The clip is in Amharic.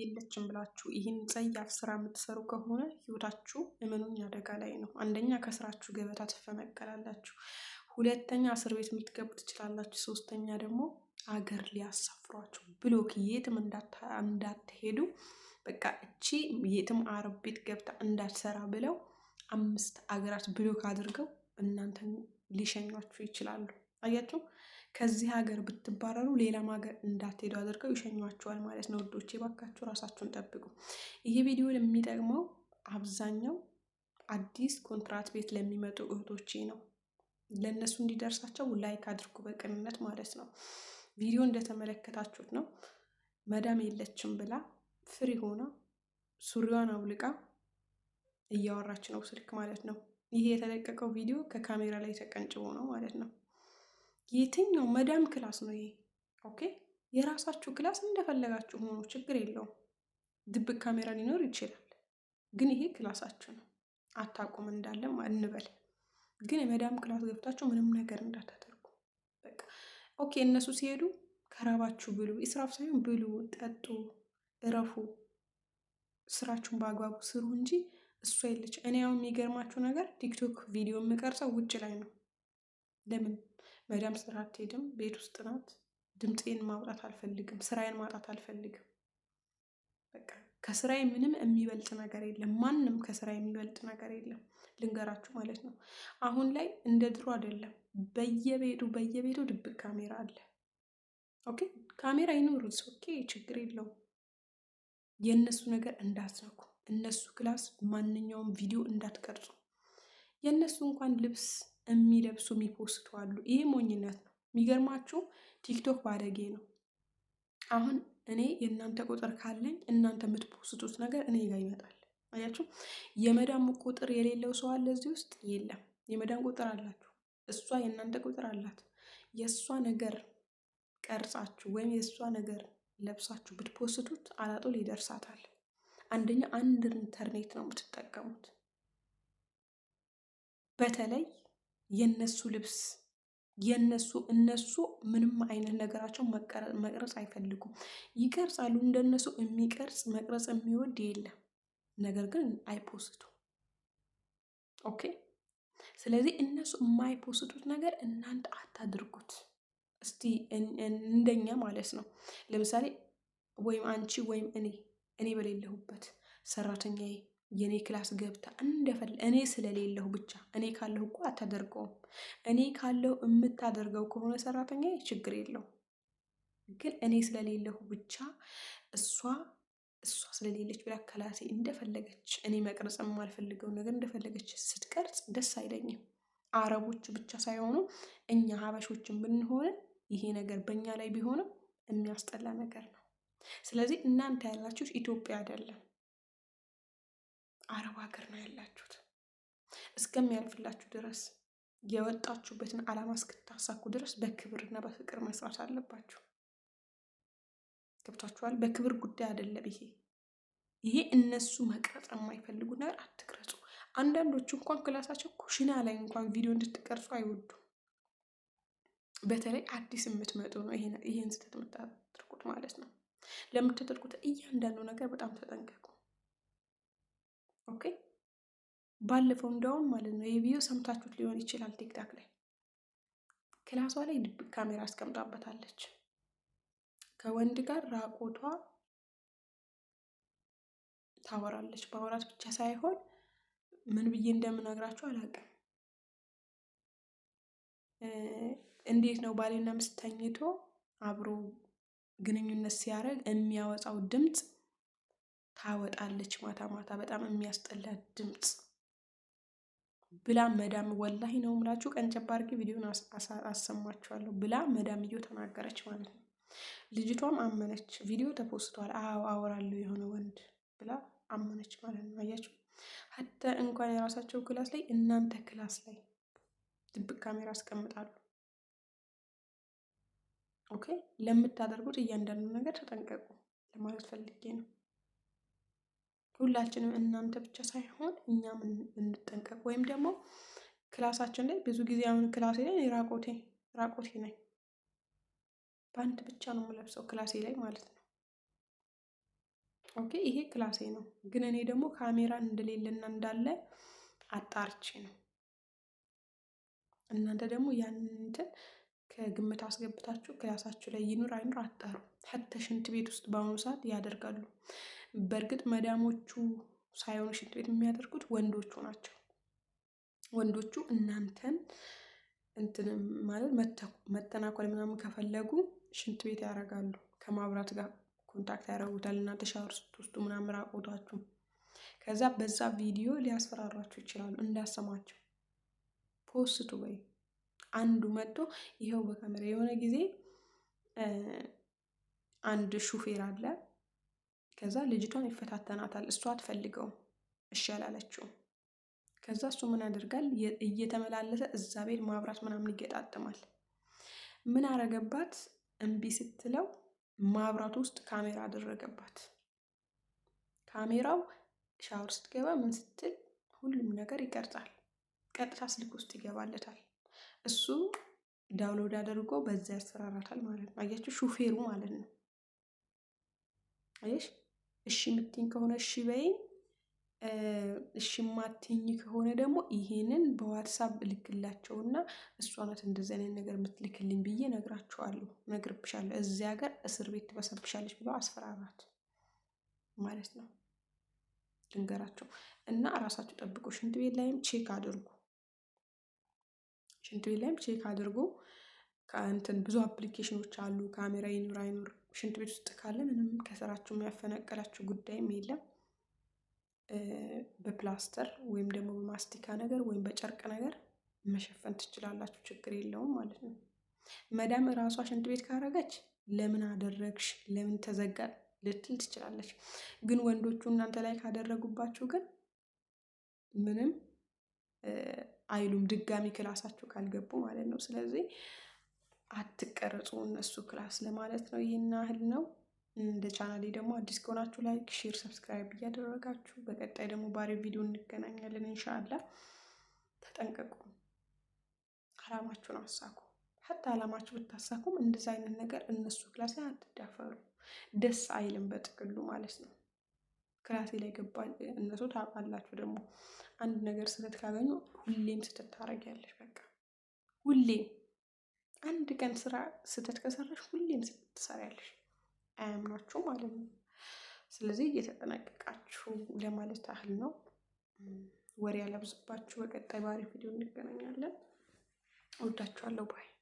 የለችም ብላችሁ ይህን ጸያፍ ስራ የምትሰሩ ከሆነ ህይወታችሁ እመኑኝ አደጋ ላይ ነው። አንደኛ ከስራችሁ ገበታ ትፈነቀላላችሁ፣ ሁለተኛ እስር ቤት የምትገቡ ትችላላችሁ፣ ሶስተኛ ደግሞ አገር ሊያሳፍሯችሁ ብሎክ የትም እንዳትሄዱ በቃ እቺ የትም አረብ ቤት ገብታ እንዳትሰራ ብለው አምስት አገራት ብሎክ አድርገው እናንተን ሊሸኟችሁ ይችላሉ። አያችሁ፣ ከዚህ ሀገር ብትባረሩ ሌላም ሀገር እንዳትሄዱ አድርገው ይሸኟችኋል ማለት ነው። ውዶቼ ባካችሁ ራሳችሁን ጠብቁ። ይሄ ቪዲዮ የሚጠቅመው አብዛኛው አዲስ ኮንትራት ቤት ለሚመጡ እህቶቼ ነው። ለእነሱ እንዲደርሳቸው ላይክ አድርጉ በቅንነት ማለት ነው። ቪዲዮ እንደተመለከታችሁት ነው። መዳም የለችም ብላ ፍሪ ሆና ሱሪዋን አውልቃ እያወራች ነው ስልክ ማለት ነው። ይሄ የተለቀቀው ቪዲዮ ከካሜራ ላይ ተቀንጭቦ ነው ማለት ነው። የትኛው መዳም ክላስ ነው ይሄ? ኦኬ የራሳችሁ ክላስ እንደፈለጋችሁ ሆኖ ችግር የለውም። ድብቅ ካሜራ ሊኖር ይችላል፣ ግን ይሄ ክላሳችሁ ነው። አታቁም እንዳለም እንበል ግን የመዳም ክላስ ገብታችሁ ምንም ነገር እንዳታደርጉ በቃ ኦኬ። እነሱ ሲሄዱ ከራባችሁ ብሉ፣ ኢስራፍ ሳይሆን ብሉ፣ ጠጡ፣ እረፉ፣ ስራችሁን በአግባቡ ስሩ እንጂ እሷ የለች። እኔ ያው የሚገርማችሁ ነገር ቲክቶክ ቪዲዮ የምቀርጸው ውጭ ላይ ነው። ለምን መዳም ስራ አትሄድም፣ ቤት ውስጥ ናት። ድምፄን ማውጣት አልፈልግም፣ ስራዬን ማውጣት አልፈልግም። በቃ ከስራዬ ምንም የሚበልጥ ነገር የለም። ማንም ከስራ የሚበልጥ ነገር የለም። ልንገራችሁ ማለት ነው። አሁን ላይ እንደ ድሮ አይደለም። በየቤቱ በየቤቱ ድብቅ ካሜራ አለ። ኦኬ ካሜራ ይኖር ኦኬ፣ ችግር የለውም። የእነሱ ነገር እንዳትነኩ። እነሱ ክላስ ማንኛውም ቪዲዮ እንዳትቀርጹ። የእነሱ እንኳን ልብስ የሚለብሱ የሚፖስቱ አሉ። ይሄ ሞኝነት ነው። የሚገርማችሁ ቲክቶክ ባደጌ ነው። አሁን እኔ የእናንተ ቁጥር ካለኝ እናንተ የምትፖስቱት ነገር እኔ ጋር ይመጣል። አያችሁ፣ የመዳም ቁጥር የሌለው ሰው አለ እዚህ ውስጥ የለም። የመዳም ቁጥር አላችሁ፣ እሷ የእናንተ ቁጥር አላት። የእሷ ነገር ቀርጻችሁ ወይም የእሷ ነገር ለብሳችሁ ብትፖስቱት አላጦል ይደርሳታል። አንደኛ አንድ ኢንተርኔት ነው የምትጠቀሙት። በተለይ የነሱ ልብስ የነሱ እነሱ ምንም አይነት ነገራቸው መቅረጽ አይፈልጉም። ይቀርጻሉ፣ እንደነሱ የሚቀርጽ መቅረጽ የሚወድ የለም። ነገር ግን አይፖስቱ። ኦኬ። ስለዚህ እነሱ የማይፖስቱት ነገር እናንተ አታድርጉት። እስቲ እንደኛ ማለት ነው። ለምሳሌ ወይም አንቺ ወይም እኔ እኔ በሌለሁበት ሰራተኛዬ የእኔ ክላስ ገብታ እንደፈለ እኔ ስለሌለሁ ብቻ እኔ ካለሁ እኮ አታደርገውም። እኔ ካለሁ የምታደርገው ከሆነ ሰራተኛ ችግር የለው ግን እኔ ስለሌለሁ ብቻ እሷ እሷ ስለሌለች ብላ ከላሴ እንደፈለገች እኔ መቅረጽ የማልፈልገው ነገር እንደፈለገች ስትቀርጽ ደስ አይለኝም። አረቦች ብቻ ሳይሆኑ እኛ ሀበሾችን ብንሆን ይሄ ነገር በእኛ ላይ ቢሆንም የሚያስጠላ ነገር ነው ስለዚህ እናንተ ያላችሁት ኢትዮጵያ አይደለም፣ አረብ ሀገር ነው ያላችሁት። እስከሚያልፍላችሁ ድረስ የወጣችሁበትን ዓላማ እስክታሳኩ ድረስ በክብርና በፍቅር መስራት አለባችሁ። ገብቷችኋል? በክብር ጉዳይ አይደለም ይሄ ይሄ እነሱ መቅረጽ የማይፈልጉ ነገር አትቅረጹ። አንዳንዶቹ እንኳን ክላሳቸው ኩሽና ላይ እንኳን ቪዲዮ እንድትቀርጹ አይወዱም። በተለይ አዲስ የምትመጡ ነው ይሄን ስህተት የምታደርጉት ማለት ነው። ለምታደርጉት እያንዳንዱ ነገር በጣም ተጠንቀቁ። ኦኬ። ባለፈው እንደውም ማለት ነው የቪዲዮ ሰምታችሁት ሊሆን ይችላል። ቲክታክ ላይ ክላሷ ላይ ድብቅ ካሜራ አስቀምጣበታለች። ከወንድ ጋር ራቆቷ ታወራለች። ማውራት ብቻ ሳይሆን ምን ብዬ እንደምነግራችሁ አላውቅም። እንዴት ነው ባሌና ሚስት ተኝቶ አብሮ ግንኙነት ሲያደርግ የሚያወጣው ድምፅ ታወጣለች ማታ ማታ በጣም የሚያስጠላ ድምፅ ብላ መዳም ወላሂ ነው ምላችሁ ቀን ጨባርጌ ቪዲዮን አሰማችኋለሁ ብላ መዳም መዳምየው ተናገረች ማለት ነው። ልጅቷም አመነች። ቪዲዮ ተፖስቷል። አዎ አወራለሁ የሆነ ወንድ ብላ አመነች ማለት ነው። አያችሁ፣ ሀተ እንኳን የራሳቸው ክላስ ላይ እናንተ ክላስ ላይ ድብቅ ካሜራ አስቀምጣሉ። ኦኬ ለምታደርጉት እያንዳንዱ ነገር ተጠንቀቁ ለማለት ፈልጌ ነው። ሁላችንም እናንተ ብቻ ሳይሆን እኛም እንጠንቀቁ ወይም ደግሞ ክላሳችን ላይ ብዙ ጊዜ አሁን ክላሴ ላይ ራቆቴ ራቆቴ ነኝ በአንድ ብቻ ነው የምለብሰው ክላሴ ላይ ማለት ነው። ኦኬ ይሄ ክላሴ ነው፣ ግን እኔ ደግሞ ካሜራ እንደሌለና እንዳለ አጣርቼ ነው። እናንተ ደግሞ ያንን እንትን ከግምት አስገብታችሁ ክላሳችሁ ላይ ይኑር አይኑር አጣሩ። ሀተ ሽንት ቤት ውስጥ በአሁኑ ሰዓት ያደርጋሉ። በእርግጥ መዳሞቹ ሳይሆኑ ሽንት ቤት የሚያደርጉት ወንዶቹ ናቸው። ወንዶቹ እናንተን እንትን ማለት መተናኮል ምናምን ከፈለጉ ሽንት ቤት ያደርጋሉ። ከማብራት ጋር ኮንታክት ያደርጉታል። እናንተ ሻወር ስትወስዱ ምናምን ራቆታችሁ ከዛ በዛ ቪዲዮ ሊያስፈራራችሁ ይችላሉ። እንዳሰማቸው ፖስቱ በይ አንዱ መጥቶ ይኸው በካሜራ የሆነ ጊዜ አንድ ሹፌር አለ። ከዛ ልጅቷን ይፈታተናታል። እሷ አትፈልገውም፣ እሺ አላለችውም። ከዛ እሱ ምን ያደርጋል? እየተመላለሰ እዛ ቤት ማብራት ምናምን ይገጣጥማል። ምን አረገባት? እምቢ ስትለው ማብራት ውስጥ ካሜራ አደረገባት። ካሜራው ሻወር ስትገባ ምን ስትል ሁሉም ነገር ይቀርጻል። ቀጥታ ስልክ ውስጥ ይገባለታል። እሱ ዳውንሎድ አድርጎ በዛ ያሰራራታል ማለት ነው። አያችሁ ሹፌሩ ማለት ነው። አየሽ እሺ የምትኝ ከሆነ እሺ በይኝ፣ እሺ ማትኝ ከሆነ ደግሞ ይሄንን በዋትሳፕ እልክላቸውና እሷ ናት እንደዚህ አይነት ነገር የምትልክልኝ ብዬ ነግራቸዋለሁ፣ ነግርብሻለሁ፣ እዚህ ሀገር እስር ቤት ትበሰብሻለች ብለው አስፈራራት ማለት ነው። ልንገራቸው እና ራሳችሁ ጠብቆ ሽንት ቤት ላይም ቼክ አድርጉ ሽንት ቤት ላይም ቼክ አድርጎ ከእንትን ብዙ አፕሊኬሽኖች አሉ። ካሜራ ይኑር አይኑር ሽንት ቤት ውስጥ ካለ ምንም ከስራችሁ የሚያፈናቀላችሁ ጉዳይም የለም። በፕላስተር ወይም ደግሞ በማስቲካ ነገር ወይም በጨርቅ ነገር መሸፈን ትችላላችሁ። ችግር የለውም ማለት ነው። መዳም ራሷ ሽንት ቤት ካረገች ለምን አደረግሽ ለምን ተዘጋ ልትል ትችላለች። ግን ወንዶቹ እናንተ ላይ ካደረጉባችሁ ግን ምንም አይሉም ድጋሚ ክላሳቸው ካልገቡ ማለት ነው። ስለዚህ አትቀረጹ እነሱ ክላስ ለማለት ነው። ይህን ያህል ነው። እንደ ቻናሌ ደግሞ አዲስ ከሆናችሁ ላይክ፣ ሼር፣ ሰብስክራይብ እያደረጋችሁ በቀጣይ ደግሞ ባሪ ቪዲዮ እንገናኛለን። እንሻላ ተጠንቀቁ፣ አላማችሁን አሳኩ። ሀታ አላማችሁ ብታሳኩም እንደዚ አይነት ነገር እነሱ ክላስ አትዳፈሩ። ደስ አይልም በጥቅሉ ማለት ነው። ክላሴ ላይ ገባ እነሱ ታውቃላችሁ ደግሞ አንድ ነገር ስህተት ካገኙ ሁሌም ስህተት ታደርጊያለሽ። በቃ ሁሌም አንድ ቀን ስራ ስህተት ከሰራሽ ሁሌም ስህተት ትሰሪያለሽ። አያምናችሁ ማለት ነው። ስለዚህ እየተጠናቀቃችሁ ለማለት ታህል ነው። ወሬ ያለብዝባችሁ። በቀጣይ ባሪ ቪዲዮ እንገናኛለን። ወዳችኋለሁ ባይ